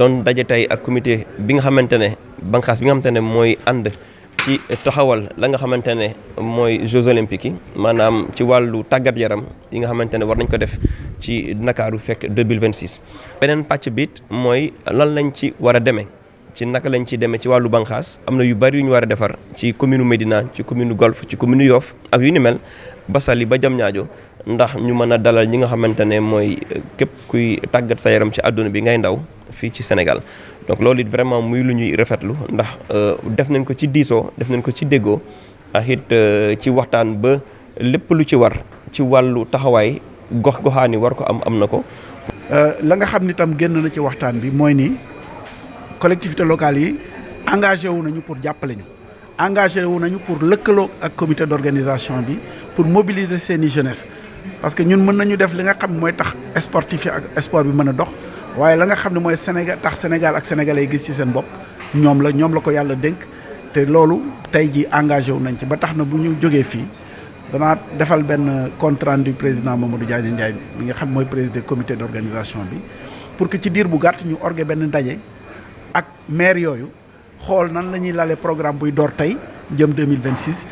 doon daje tey ak comité bi nga xamante ne banqaas bi nga ne mooy ànd ci taxawal la nga xamante ne mooy Jeux olympiques yi maanaam ci wàllu tàggat yaram yi nga xamante ne war nañ ko def ci Ndakaaru fekk 2026. beneen pàcc biit mooy lan lañ ci war a demee ci naka lañ ci demee ci wàllu banqaas am na yu bari yu ñu war a defar ci commune Médina ci commune Golf ci commune Yoff ak yu ni mel ba Saly ba Diamniadio ndax ñu mën a dalal ñi nga xamante ne mooy képp kuy tàggat sa yaram ci àdduna bi ngay ndaw. fii ci Sénégal donc loolu it vraiment muy lu ñuy rafetlu ndax euh, def nañ ko ci diisoo def nañ ko ci déggoo ak it euh, ci waxtaan ba lépp lu ci war ci wàllu taxawaay gox goxaan yi war ko am am na ko. Euh, la nga xam ni tam génn na ci waxtaan bi mooy nii collectivité locales yi engagé wu nañu pour jàppale ñu. engagé wu nañu pour lëkkaloo ak comité d'organisation bi pour mobiliser seeni jeunesse parce que ñun mën nañu def li nga xam mooy tax sportif yi ak esport bi mën a dox waaye la nga xam ne mooy Sénégal tax Sénégal ak sénégalais gis ci seen bopp ñoom la ñoom la ko yàlla dénk te loolu tey ji engagé wu nañ ci ba tax na bu ñu jógee fii danaa defal benn compte rendu président moom Mamadou Diagne Ndiaye bi nga xam mooy président comité d'organisation bi pour que ci diir bu gàtt ñu orge benn ndaje ak maire yooyu xool nan la ñuy lalee programme buy door tey jëm 2026